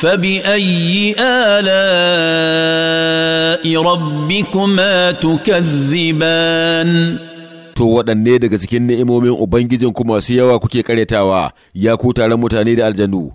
فباي الاء ربكما تكذبان to waɗanne daga cikin ni'imomin ubangijinku masu yawa kuke ƙaretawa? ya ku taron mutane da aljanu